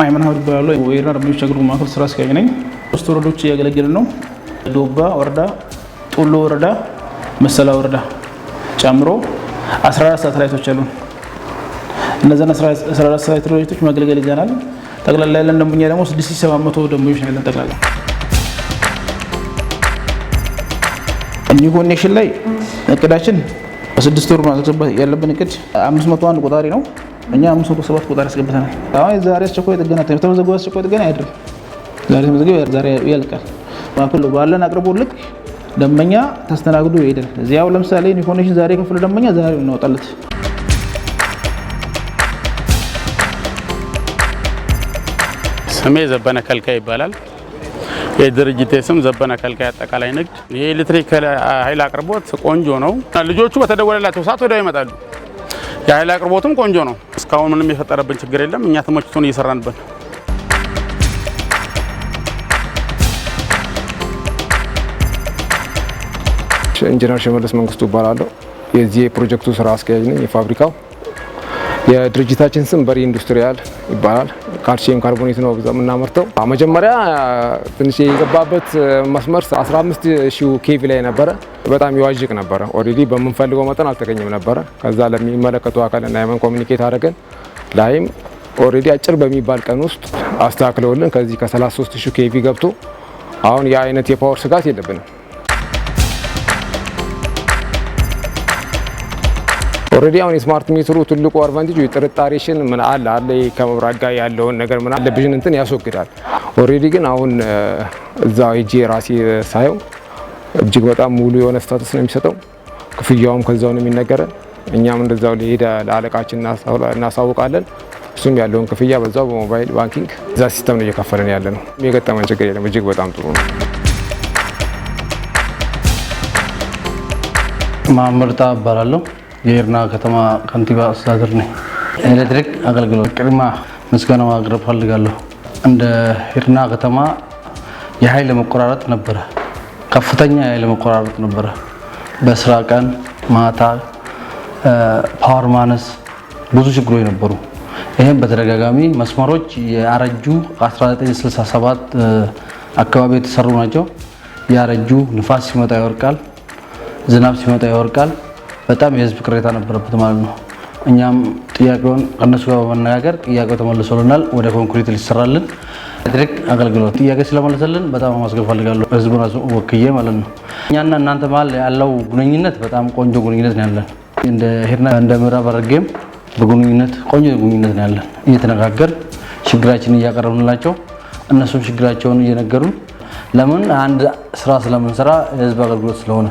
ማይመን ሀብድ እባላለሁ። ወይራ ደንበኞች አገልግሎት ማዕከል ስራ አስኪያጅ ነኝ። ሶስት ወረዳዎች እያገለገልን ነው። ዶባ ወረዳ፣ ጦሎ ወረዳ፣ መሰላ ወረዳ ጨምሮ 14 ሳተላይቶች አሉ። እነዚያን 14 ሳተላይቶች ማገልገል ይዘናል። ጠቅላላ ያለን ደንበኛ ደግሞ 6700 ደንበኞች ነው ያለን ጠቅላላ ኒው ኮኔክሽን ላይ እቅዳችን በስድስት ወር ማስገባት ያለብን እቅድ 501 ቆጣሪ ነው። እኛ አምስት መቶ ሰባት ቁጥር ያስገብተናል። አሁን የዛሬ አስቸኳይ ጥገና የተመዘገበ አስቸኳይ ጥገና አይደለም። ዛሬ ተመዘገበ፣ ዛሬ ያልቃል። ማኩል ባለን አቅርቦ ልክ ደንበኛ ተስተናግዶ ይሄዳል። እዚያው ለምሳሌ ኢንፎርሜሽን ዛሬ የከፈለ ደንበኛ ዛሬ እናወጣለት። ስሜ ዘበነ ከልካ ይባላል። የድርጅቴ ስም ዘበነ ከልካይ አጠቃላይ ንግድ። የኤሌክትሪክ ኃይል አቅርቦት ቆንጆ ነው። ልጆቹ በተደወለላቸው ሰዓት ወዲያው ይመጣሉ። የኃይል አቅርቦትም ቆንጆ ነው። እስካሁን ምንም የፈጠረብን ችግር የለም። እኛ ተመችቶን እየሰራንበት ኢንጂነር ሽመልስ መንግስቱ እባላለሁ። የዚህ የፕሮጀክቱ ስራ አስኪያጅ ነኝ የፋብሪካው የድርጅታችን ስም በሪ ኢንዱስትሪያል ይባላል። ካልሲየም ካርቦኔት ነው የምናመርተው። መጀመሪያ ትንሽ የገባበት መስመር 15 ሺ ኬቪ ላይ ነበረ። በጣም ይዋዥቅ ነበረ። ኦልሬዲ በምንፈልገው መጠን አልተገኘም ነበረ። ከዛ ለሚመለከቱ አካል እና የመን ኮሚኒኬት አድርገን ላይም ኦልሬዲ አጭር በሚባል ቀን ውስጥ አስተካክለውልን ከዚህ ከ33 ኬቪ ገብቶ አሁን የአይነት የፓወር ስጋት የለብንም። ኦልሬዲ አሁን የስማርት ሜትሩ ትልቁ አድቫንቴጅ የጥርጣሬሽን ምን አለ አለ ከመብራት ጋር ያለውን ነገር ምን አለ እንትን ያስወግዳል። ኦልሬዲ ግን አሁን እዛ ሂጄ ራሴ ሳየው እጅግ በጣም ሙሉ የሆነ ስታትስ ነው የሚሰጠው። ክፍያውም ከዛው ነው የሚነገረን። እኛም እንደዛው ለሄደ ለአለቃችን እናሳውቃለን። እሱም ያለውን ክፍያ በዛው በሞባይል ባንኪንግ እዛ ሲስተም ነው እየከፈለን ያለ ነው። የገጠመን ችግር የለም። እጅግ በጣም ጥሩ ነው። እባላለሁ። የኤርና ከተማ ከንቲባ አስተዳደር ነኝ። ኤሌክትሪክ አገልግሎት ቅድማ ምስጋና ማቅረብ ፈልጋለሁ። እንደ ሂርና ከተማ የኃይል መቆራረጥ ነበረ፣ ከፍተኛ የኃይል መቆራረጥ ነበረ። በስራ ቀን ማታ ፓወር ማነስ ብዙ ችግሮች ነበሩ። ይህም በተደጋጋሚ መስመሮች የአረጁ 1967 አካባቢ የተሰሩ ናቸው። ያረጁ ንፋስ ሲመጣ ይወርቃል፣ ዝናብ ሲመጣ ይወርቃል። በጣም የህዝብ ቅሬታ ነበረበት ማለት ነው። እኛም ጥያቄውን ከእነሱ ጋር በመነጋገር ጥያቄው ተመልሶልናል። ወደ ኮንክሪት ሊሰራልን ኤሌክትሪክ አገልግሎት ጥያቄ ስለመለሰልን በጣም ማስገብ ፈልጋለሁ፣ ህዝቡን ወክዬ ማለት ነው። እኛና እናንተ መሀል ያለው ግንኙነት በጣም ቆንጆ ግንኙነት ነው ያለን። እንደ ሄድና እንደ ምዕራብ ሐረርጌም በግንኙነት ቆንጆ ግንኙነት ነው ያለን። እየተነጋገር ችግራችንን እያቀረብንላቸው እነሱም ችግራቸውን እየነገሩን ለምን አንድ ስራ ስለምንሰራ የህዝብ አገልግሎት ስለሆነ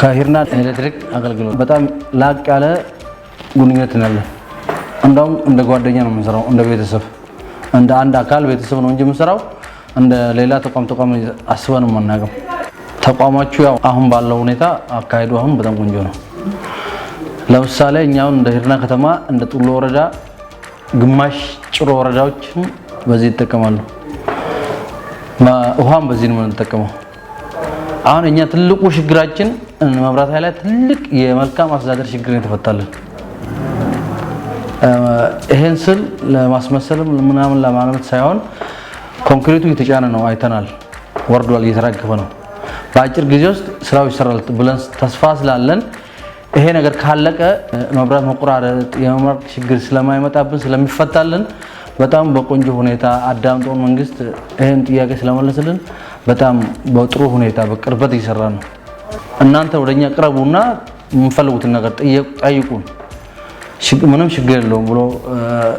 ከሂርና ኤሌክትሪክ አገልግሎት በጣም ላቅ ያለ ግንኙነት ያለ እንደውም እንደ ጓደኛ ነው የምንሰራው፣ እንደ ቤተሰብ፣ እንደ አንድ አካል ቤተሰብ ነው እንጂ የምንሰራው እንደ ሌላ ተቋም ተቋም አስበን አናውቅም። ተቋማችሁ ያው አሁን ባለው ሁኔታ አካሄዱ አሁን በጣም ቆንጆ ነው። ለምሳሌ እኛውን እንደ ሂርና ከተማ እንደ ጡሎ ወረዳ ግማሽ ጭሮ ወረዳዎችን በዚህ ይጠቀማሉ። ውሃም በዚህ ነው የምንጠቀመው። አሁን እኛ ትልቁ ችግራችን መብራት ኃይል ላይ ትልቅ የመልካም አስተዳደር ችግር የተፈታልን። ይሄን ስል ለማስመሰል ምናምን ለማለት ሳይሆን ኮንክሪቱ እየተጫነ ነው፣ አይተናል፣ ወርዷል፣ እየተራገፈ ነው። በአጭር ጊዜ ውስጥ ስራው ይሰራል ብለን ተስፋ ስላለን ይሄ ነገር ካለቀ መብራት መቆራረጥ፣ የመብራት ችግር ስለማይመጣብን ስለሚፈታልን በጣም በቆንጆ ሁኔታ አዳምጦ መንግስት ይህን ጥያቄ ስለመለስልን በጣም በጥሩ ሁኔታ በቅርበት እየሰራ ነው። እናንተ ወደኛ ቅረቡና የምፈልጉትን ነገር ጠይቁን፣ ምንም ችግር የለውም ብሎ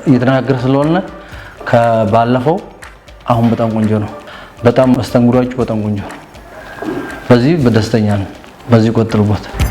እየተነጋገረ ስለሆነ ከባለፈው አሁን በጣም ቆንጆ ነው። በጣም መስተንግዷችሁ በጣም ቆንጆ ነው። በዚህ በደስተኛ ነው። በዚህ ቆጥሩበት።